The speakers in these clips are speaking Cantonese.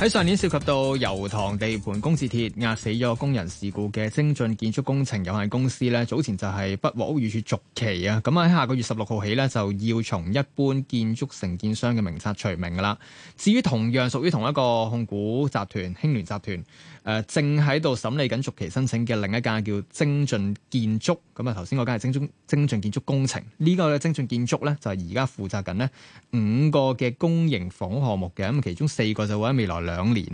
喺上年涉及到油塘地盤工字鐵壓死咗工人事故嘅精進建築工程有限公司咧，早前就係不獲屋宇署續期啊。咁啊，喺下個月十六號起咧，就要從一般建築承建商嘅名冊除名噶啦。至於同樣屬於同一個控股集團興聯集團誒、呃、正喺度審理緊續期申請嘅另一間叫精進建築，咁啊，頭先嗰間係精進精進建築工程，這個、呢個咧精進建築咧就係而家負責緊咧五個嘅公營房屋項目嘅，咁其中四個就會喺未來兩年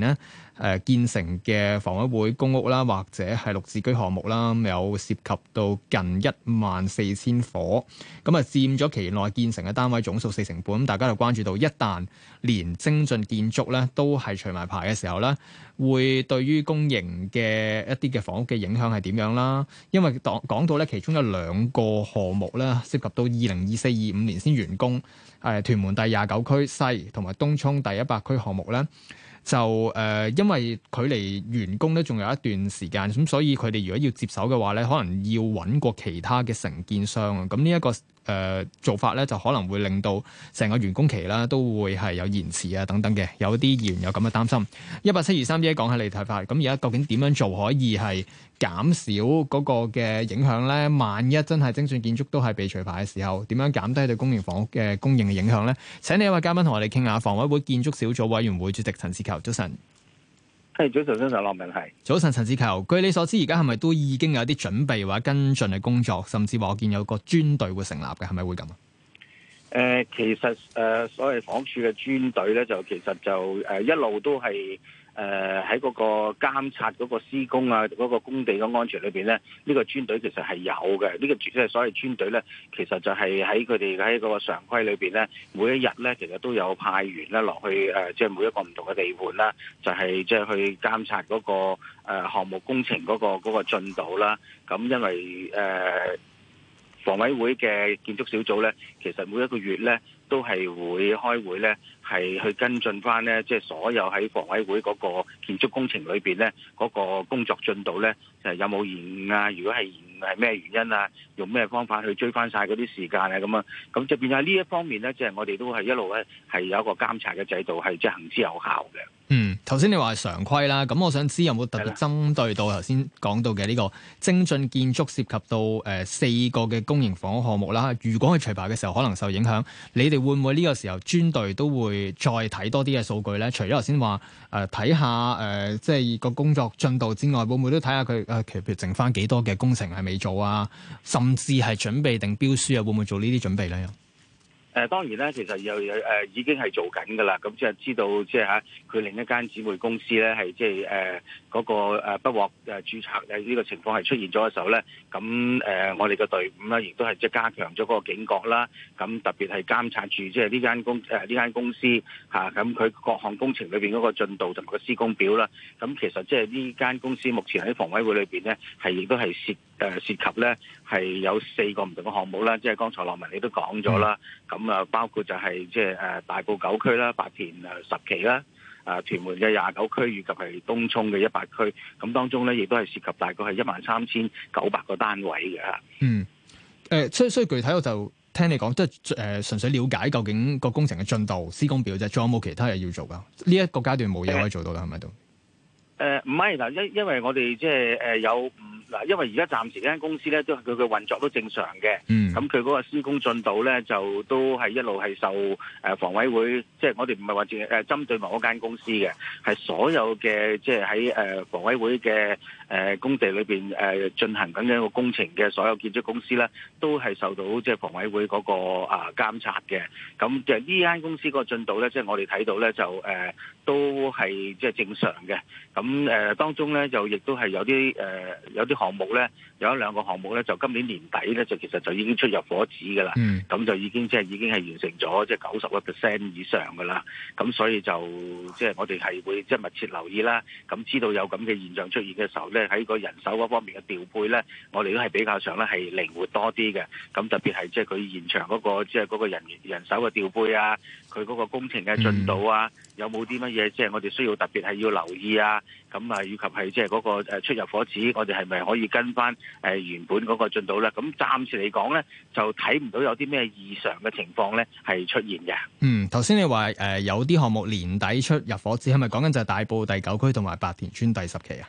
誒建成嘅房委會公屋啦，或者係綠置居項目啦，有涉及到近一萬四千伙，咁啊佔咗期內建成嘅單位總數四成半。咁大家就關注到，一旦連精進建築咧都係除埋牌嘅時候咧，會對於公營嘅一啲嘅房屋嘅影響係點樣啦？因為講講到咧，其中有兩個項目咧，涉及到二零二四、二五年先完工，誒，屯門第廿九區西同埋東涌第一百區項目咧。就誒、呃，因為距離完工咧仲有一段時間，咁所以佢哋如果要接手嘅話，咧，可能要揾過其他嘅承建商啊。咁呢一個。誒、呃、做法咧，就可能會令到成個完工期啦，都會係有延遲啊等等嘅，有啲議員有咁嘅擔心。一八七二三一，講下你睇法，咁而家究竟點樣做可以係減少嗰個嘅影響咧？萬一真係精進建築都係被除牌嘅時候，點樣減低對公營房屋嘅供應嘅影響咧？請呢一位嘉賓同我哋傾下，房委會建築小組委員會主席陳志球，早晨。係早晨，早晨，駱明係。早晨，陳志球，據你所知，而家係咪都已經有啲準備或者跟進嘅工作，甚至話我見有個專隊會成立嘅，係咪會咁啊？誒、呃，其實誒、呃，所謂房署嘅專隊咧，就其實就誒、呃、一路都係。誒喺嗰個監察嗰個施工啊，嗰個工地嘅安全裏邊呢，呢個專隊其實係有嘅。呢個即係所謂專隊呢，其實就係喺佢哋喺嗰個常規裏邊呢，每一日呢，其實都有派員咧落去誒，即係每一個唔同嘅地盤啦，就係即係去監察嗰個誒項目工程嗰個嗰個進度啦。咁因為誒房委會嘅建築小組呢，其實每一個月呢，都係會開會咧，係去跟進翻咧，即係所有喺房委會嗰個建築工程裏邊咧，嗰個工作進度咧，就有冇延誤啊？如果係延誤係咩原因啊？用咩方法去追翻晒嗰啲時間啊？咁啊，咁就變咗呢一方面咧，即係我哋都係一路咧，係有一個監察嘅制度，係即係行之有效嘅。嗯。頭先你話係常規啦，咁我想知有冇特別針對到頭先講到嘅呢個精進建築涉及到誒四個嘅公營房屋項目啦，如果佢除牌嘅時候可能受影響，你哋會唔會呢個時候專隊都會再睇多啲嘅數據咧？除咗頭先話誒睇下誒即係個工作進度之外，會唔會都睇下佢誒，譬如剩翻幾多嘅工程係未做啊？甚至係準備定標書啊，會唔會做呢啲準備咧？誒當然咧，其實又有誒、呃、已經係做緊嘅啦。咁即係知道，即係嚇佢另一間姊妹公司咧，係即係誒嗰個不獲誒註冊咧呢個情況係出現咗嘅時候咧，咁誒、呃、我哋嘅隊伍咧亦都係即係加強咗嗰個警覺啦。咁特別係監察住即係呢間公誒呢、呃、間公司嚇，咁、啊、佢各項工程裏邊嗰個進度同埋個施工表啦。咁其實即係呢間公司目前喺房委會裏邊咧，係亦都係涉。誒涉及咧係有四個唔同嘅項目啦，即係剛才羅文你都講咗啦，咁、嗯、啊包括就係即係誒大埔九區啦、白田誒十期啦、誒屯門嘅廿九區以及係東涌嘅一百區，咁當中咧亦都係涉及大概係一萬三千九百個單位嘅。嗯，誒、呃，所以所以具體我就聽你講，即係誒純粹了解究竟個工程嘅進度、施工表啫，仲有冇其他嘢要做噶？呢、這、一個階段冇嘢可以做到啦，係咪都？誒唔係嗱，因、呃、因為我哋即係誒有嗱，因為而家暫時間公司咧，都係佢嘅運作都正常嘅。嗯，咁佢嗰個施工進度咧，就都係一路係受誒房委會，即係我哋唔係話住誒針對某間公司嘅，係所有嘅即係喺誒房委會嘅誒工地裏邊誒進行緊嘅一個工程嘅所有建築公司咧，都係受到即係房委會嗰個啊監察嘅。咁就係呢間公司嗰個進度咧，即係我哋睇到咧，就誒都係即係正常嘅。咁誒當中咧，就亦都係有啲誒有啲項目咧，有一兩個項目咧，就今年年底咧就其實就已經出入伙紙嘅啦。咁、mm. 就已經即係、就是、已經係完成咗即係九十個 percent 以上嘅啦。咁所以就即係、就是、我哋係會即、就是、密切留意啦。咁知道有咁嘅現象出現嘅時候咧，喺個人手嗰方面嘅調配咧，我哋都係比較上咧係靈活多啲嘅。咁特別係即係佢現場嗰、嗰個即係嗰個人人手嘅調配啊。佢嗰個工程嘅進度啊，嗯、有冇啲乜嘢？即、就、係、是、我哋需要特別係要留意啊。咁啊，以及係即係嗰個誒出入伙紙，我哋係咪可以跟翻誒原本嗰個進度咧？咁暫時嚟講咧，就睇唔到有啲咩異常嘅情況咧係出現嘅。嗯，頭先你話誒、呃、有啲項目年底出入伙紙，係咪講緊就係大埔第九區同埋白田邨第十期啊？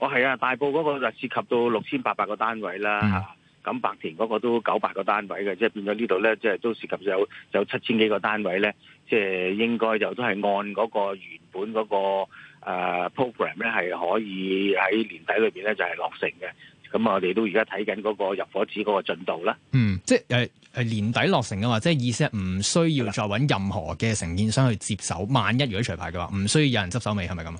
哦，係啊，大埔嗰個就涉及到六千八百個單位啦。嗯咁白田嗰個都九百個單位嘅，即係變咗呢度咧，即係都涉及有有七千幾個單位咧，即係應該就都係按嗰個原本嗰個、呃、program 咧，係可以喺年底裏面咧就係落成嘅。咁我哋都而家睇緊嗰個入伙紙嗰個進度啦。嗯，即係呃呃年底落成嘅話即係意思係唔需要再揾任何嘅承建商去接手。萬一如果除牌嘅話，唔需要有人執手尾係咪咁啊？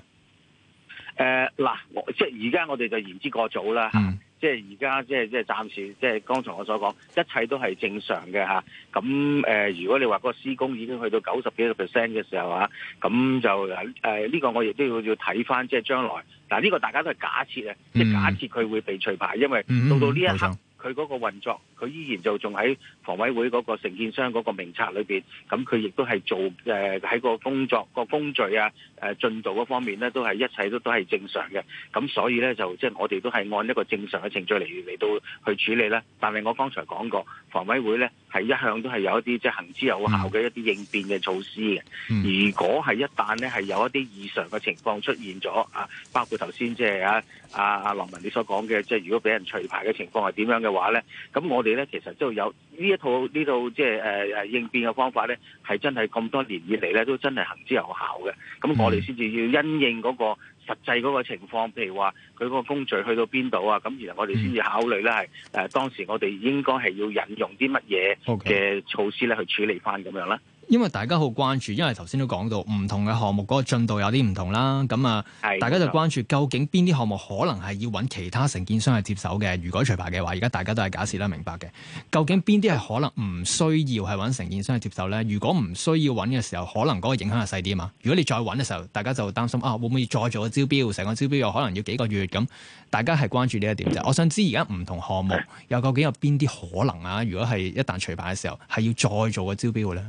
呃、嗱，即係而家我哋就言之過早啦吓即係而家，即係即係暫時，即係剛才我所講，一切都係正常嘅嚇。咁誒、呃，如果你話個施工已經去到九十幾個 percent 嘅時候啊，咁就誒呢、呃這個我亦都要要睇翻即係將來。嗱，呢個大家都係假設啊、嗯，即係假設佢會被除牌，因為到到呢一刻佢嗰、嗯嗯嗯、個運作。佢依然就仲喺房委會嗰個承建商嗰個名冊裏邊，咁佢亦都係做誒喺、呃、個工作、嗰個工序啊誒進、啊、度嗰方面咧，都係一切都都係正常嘅。咁所以咧就即係、就是、我哋都係按一個正常嘅程序嚟嚟到去處理咧。但係我剛才講過房委會咧係一向都係有一啲即係行之有效嘅一啲應變嘅措施嘅。如果係一旦咧係有一啲異常嘅情況出現咗啊，包括頭先即係啊阿阿梁文你所講嘅，即、就、係、是、如果俾人除牌嘅情況係點樣嘅話咧，咁我哋，咧，其實都有呢一套呢套即係誒誒應變嘅方法咧，係真係咁多年以嚟咧，都真係行之有效嘅。咁我哋先至要因應嗰個實際嗰個情況，譬如話佢嗰個工序去到邊度啊，咁然後我哋先至考慮咧，係誒當時我哋應該係要引用啲乜嘢嘅措施咧去處理翻咁樣啦。Okay. 因為大家好關注，因為頭先都講到唔同嘅項目嗰個進度有啲唔同啦，咁啊，大家就關注究竟邊啲項目可能係要揾其他承建商去接手嘅？如果除牌嘅話，而家大家都係假設啦，明白嘅。究竟邊啲係可能唔需要係揾承建商去接手咧？如果唔需要揾嘅時候，可能嗰個影響係細啲啊嘛。如果你再揾嘅時候，大家就擔心啊，會唔會再做個招標？成個招標又可能要幾個月咁，大家係關注呢一點就。我想知而家唔同項目又究竟有邊啲可能啊？如果係一旦除牌嘅時候，係要再做個招標咧？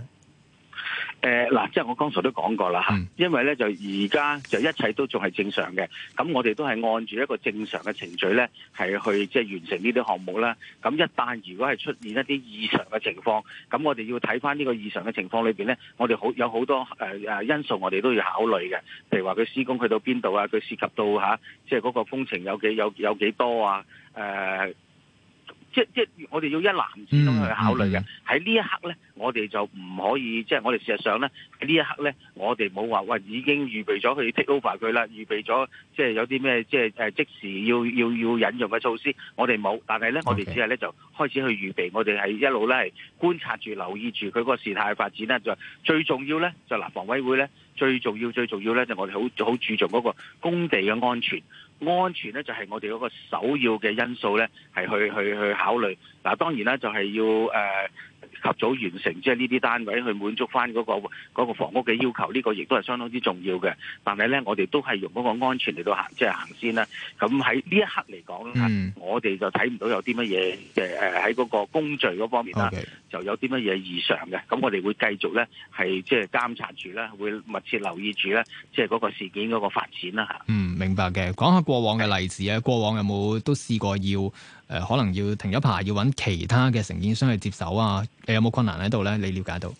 誒，嗱，即係我剛才都講過啦，吓，因為咧就而家就一切都仲係正常嘅，咁我哋都係按住一個正常嘅程序咧，係去即係、就是、完成呢啲項目啦。咁一旦如果係出現一啲異常嘅情況，咁我哋要睇翻呢個異常嘅情況裏邊咧，我哋好有好多誒誒、呃、因素，我哋都要考慮嘅。譬如話佢施工去到邊度啊，佢涉及到吓，即係嗰個工程有幾有有幾多啊？誒、呃。即即我哋要一攬子咁去考慮嘅。喺、嗯、呢、嗯、一刻咧，我哋就唔可以，即、就、係、是、我哋事實上咧，呢一刻咧，我哋冇話喂已經預備咗去 take over 佢啦，預備咗即係有啲咩即係即時要要要引用嘅措施，我哋冇。但係咧，okay. 我哋只係咧就開始去預備，我哋係一路咧係觀察住、留意住佢個事態嘅發展，呢就最重要咧，就嗱，房委會咧最重要、最重要咧，就是、我哋好好注重嗰個工地嘅安全。安全咧就係我哋嗰個首要嘅因素咧，係去去去考慮。嗱，當然啦，就係要誒及早完成，即係呢啲單位去滿足翻嗰個嗰個房屋嘅要求。呢個亦都係相當之重要嘅。但係咧、就是嗯，我哋都係用嗰個安全嚟到行，即係行先啦。咁喺呢一刻嚟講，我哋就睇唔到有啲乜嘢嘅誒喺嗰個工序嗰方面啦。Okay. 又有啲乜嘢異常嘅，咁我哋會繼續咧，係即係監察住咧，會密切留意住咧，即係嗰個事件嗰個發展啦、啊、嚇。嗯，明白嘅。講下過往嘅例子啊，過往有冇都試過要誒、呃，可能要停咗排，要搵其他嘅承建商去接手啊？你有冇困難喺度咧？你了解到？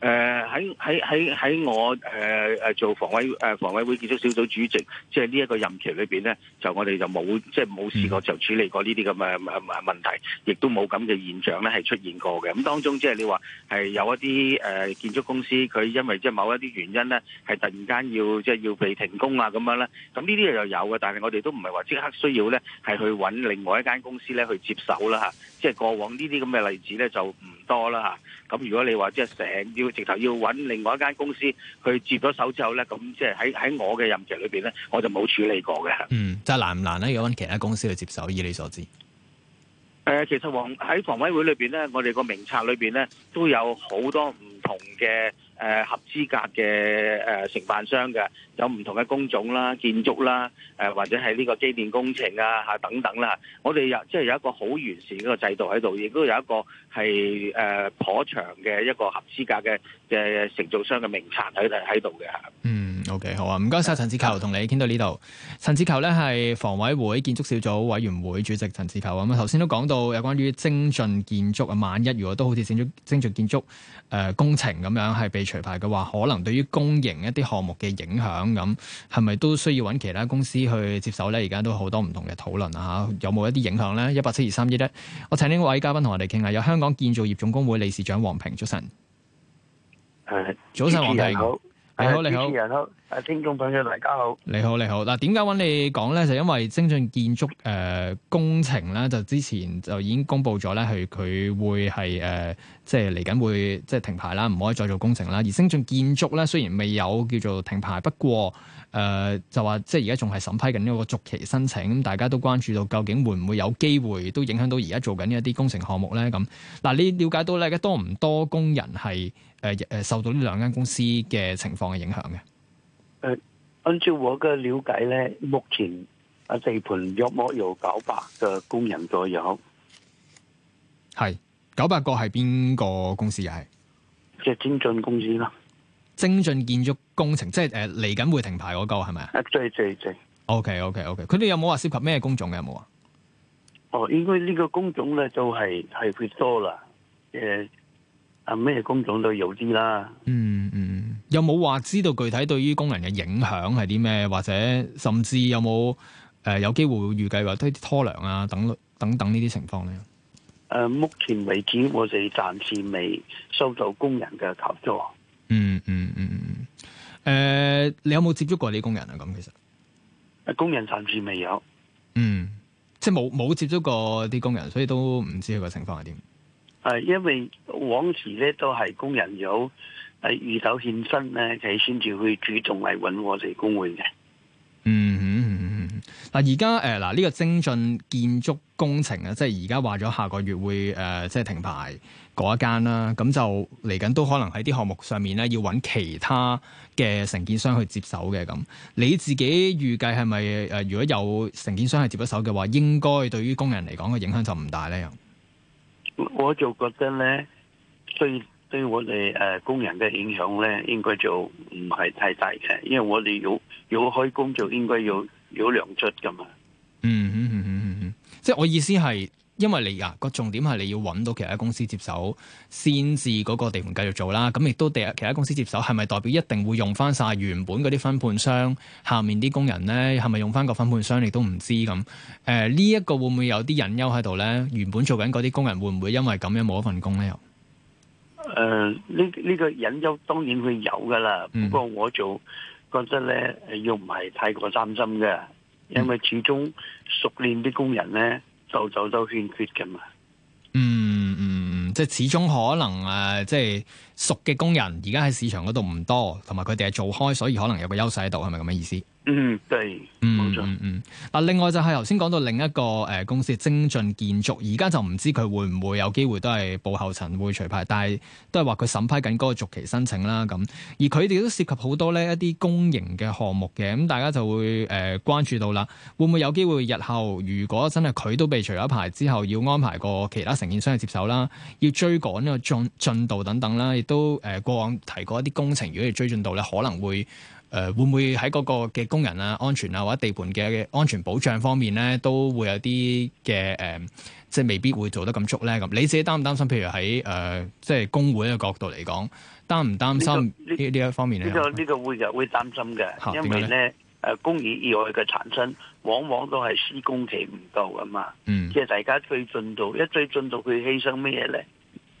誒喺喺喺喺我誒、呃、做房委誒房委會建築小組主席，即係呢一個任期裏面咧，就我哋就冇即係冇試過就處理過呢啲咁嘅問題，亦都冇咁嘅現象咧係出現過嘅。咁當中即係你話係有一啲誒建築公司，佢因為即係某一啲原因咧，係突然間要即係、就是、要被停工啊咁樣咧，咁呢啲就有嘅，但係我哋都唔係話即刻需要咧，係去搵另外一間公司咧去接手啦嚇。即係過往呢啲咁嘅例子咧就唔多啦嚇。咁如果你話即係成要，直頭要搵另外一間公司去接咗手之後咧，咁即係喺喺我嘅任期裏邊咧，我就冇處理過嘅。嗯，即係難唔難咧？要搵其他公司去接手，以你所知？誒、呃，其實房喺房委會裏邊咧，我哋個名冊裏邊咧都有好多唔同嘅。誒合資格嘅誒承辦商嘅，有唔同嘅工種啦、建築啦、誒或者係呢個機電工程啊、嚇等等啦，我哋有即係、就是、有一個好完善嘅制度喺度，亦都有一個係誒頗長嘅一個合資格嘅嘅承造商嘅名冊喺喺度嘅嗯。O.K. 好啊，唔該晒陳志球，同你傾到呢度。陳志球咧係房委會建築小組委員會主席陳志球。咁啊，頭先都講到有關於精進建築啊，萬一如果都好似整咗精進建築誒工程咁樣係被除牌嘅話，可能對於公營一啲項目嘅影響咁，係咪都需要揾其他公司去接手咧？而家都好多唔同嘅討論啊，有冇一啲影響咧？一八七二三一一，我請呢位嘉賓同我哋傾下。有香港建造業總工會理事長黃平，早晨。誒、嗯，早晨黃平。你好，你好，主持人好，聽眾朋友大家好。你好，你好，嗱，點解揾你講咧？就因為精進建築誒、呃、工程咧，就之前就已經公布咗咧，係、呃、佢、就是、會係誒，即係嚟緊會即係停牌啦，唔可以再做工程啦。而精進建築咧，雖然未有叫做停牌，不過誒、呃，就話即係而家仲係審批緊呢個續期申請，咁大家都關注到究竟會唔會有機會，都影響到而家做緊一啲工程項目咧？咁嗱，你了解到咧，多唔多工人係？誒誒，受到呢兩間公司嘅情況嘅影響嘅。誒，按照我嘅了解咧，目前啊地盤約莫有九百個工人左右。係九百個係邊個公司？又係即係精進公司啦。精進建築工程，即係誒嚟緊會停牌嗰、那個係咪啊？最最最。OK OK OK，佢哋有冇話涉及咩工種嘅有冇啊？哦，應該呢個工種咧，就係、是、係會多啦，誒、呃。啊！咩工種都有啲啦。嗯嗯，有冇話知道具體對於工人嘅影響係啲咩？或者甚至有冇誒有機、呃、會預計話啲拖糧啊等等等，等這些況呢啲情況咧？誒、呃，目前為止我哋暫時未收到工人嘅求助。嗯嗯嗯嗯，誒、嗯嗯呃，你有冇接觸過啲工人啊？咁其實，誒，工人暫時未有。嗯，即係冇冇接觸過啲工人，所以都唔知佢個情況係點。誒，因為往時咧都係工人有誒遇到欠薪咧，就先至會主動嚟搵我哋工會嘅、嗯。嗯嗱而家誒，嗱、嗯、呢、嗯呃這個精進建築工程啊，即係而家話咗下個月會誒、呃、即係停牌嗰間啦。咁就嚟緊都可能喺啲項目上面咧要搵其他嘅承建商去接手嘅咁。你自己預計係咪誒？如果有承建商係接一手嘅話，應該對於工人嚟講嘅影響就唔大咧？我就覺得咧，對對我哋誒工人嘅影響咧，應該就唔係太大嘅，因為我哋要要開工就應該要有糧出噶嘛。嗯嗯嗯嗯嗯，即係我意思係。因為你啊，個重點係你要揾到其他公司接手先至嗰個地盤繼續做啦。咁亦都第日其他公司接手，係咪代表一定會用翻晒原本嗰啲分判商下面啲工人咧？係咪用翻個分判商，你都唔知咁。誒、呃，呢、這、一個會唔會有啲隱憂喺度咧？原本做緊嗰啲工人會唔會因為咁樣冇一份工咧、呃這個這個嗯？又誒，呢呢個隱憂當然會有噶啦。不過我就覺得咧，又唔係太過擔心嘅，因為始終熟練啲工人咧。就走，走都欠缺嘅嘛，嗯嗯，即係始終可能誒、啊，即係熟嘅工人而家喺市場嗰度唔多，同埋佢哋係做開，所以可能有個優勢喺度，係咪咁嘅意思？嗯，對。嗯嗯，嗱、嗯嗯啊，另外就係頭先講到另一個誒、呃、公司精進建築，而家就唔知佢會唔會有機會都係步後塵會除牌，但係都係話佢審批緊嗰個續期申請啦，咁而佢哋都涉及好多呢一啲公營嘅項目嘅，咁、嗯、大家就會誒、呃、關注到啦，會唔會有機會日後如果真係佢都被除咗牌之後，要安排過其他承建商去接手啦，要追趕呢個進進度等等啦，亦都誒、呃、過往提過一啲工程，如果要追進度咧，可能會。誒、呃、會唔會喺嗰個嘅工人啊、安全啊或者地盤嘅安全保障方面咧，都會有啲嘅誒，即係未必會做得咁足咧咁。你自己擔唔擔心？譬如喺誒、呃、即係工會嘅角度嚟講，擔唔擔心呢呢一方面咧？呢、呢個呢、呢個會嘅會擔心嘅，因為咧誒，工業意外嘅產生，往往都係施工期唔夠㗎嘛。嗯，即係大家追進度，一追進度去犧牲咩咧？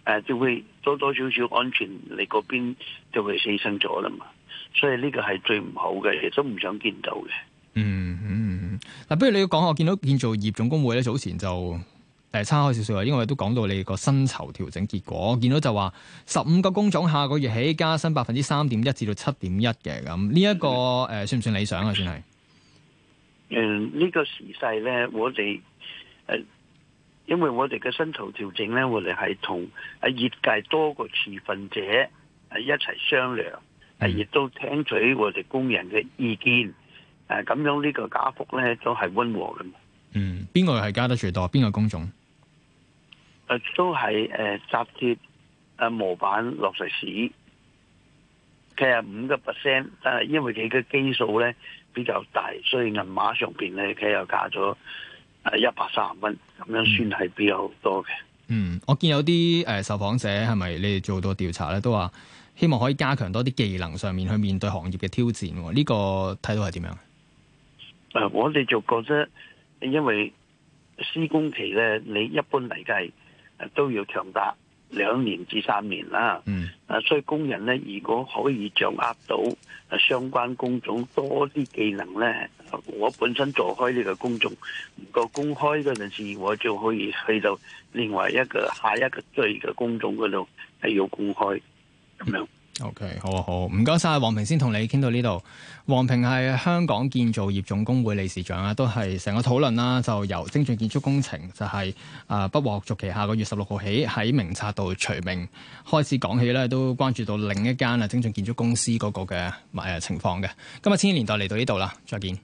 誒、啊，就會多多少少安全你嗰邊，就會犧牲咗啦嘛，所以呢個係最唔好嘅，亦都唔想見到嘅。嗯嗯，嗱、嗯，不如你要講，我見到建造業總工會咧，早前就誒差開少少啊，因為都講到你個薪酬調整結果，我見到就話十五個工種下個月起加薪百分之三點一至到七點一嘅。咁，呢一個誒算唔算理想啊？算、嗯、係？誒，呢個時勢咧，我哋誒。呃因為我哋嘅薪酬調整咧，我哋係同喺業界多個持份者，啊一齊商量，亦都聽取我哋工人嘅意見。誒，咁樣呢個加幅咧都係溫和嘅。嗯，邊個係加得最多？邊個工種？誒，都係誒紮鐵、誒模板、落石屎，佢係五個 percent。誒，但係因為佢嘅基數咧比較大，所以銀碼上邊咧佢又加咗。誒，一百三十蚊咁樣算係比較多嘅。嗯，我見有啲誒受訪者係咪你哋做咗調查咧，都話希望可以加強多啲技能上面去面對行業嘅挑戰。呢個睇到係點樣？誒，我哋就覺得，因為施工期咧，你一般嚟計都要長達。兩年至三年啦、嗯，啊，所以工人咧，如果可以掌握到相關工種多啲技能咧，我本身做開呢個工種唔夠公開嗰陣時，我就可以去到另外一個下一個對嘅工種嗰度係要公開咁樣。O.K. 好啊，好，唔該晒，黃平先同你傾到呢度。黃平係香港建造業總工會理事長啊，都係成個討論啦。就由精進建築工程就係、是、啊、呃、不獲續期下，下個月十六號起喺明察度除名開始講起咧，都關注到另一間啊精進建築公司嗰個嘅誒情況嘅。今日千禧年代嚟到呢度啦，再見。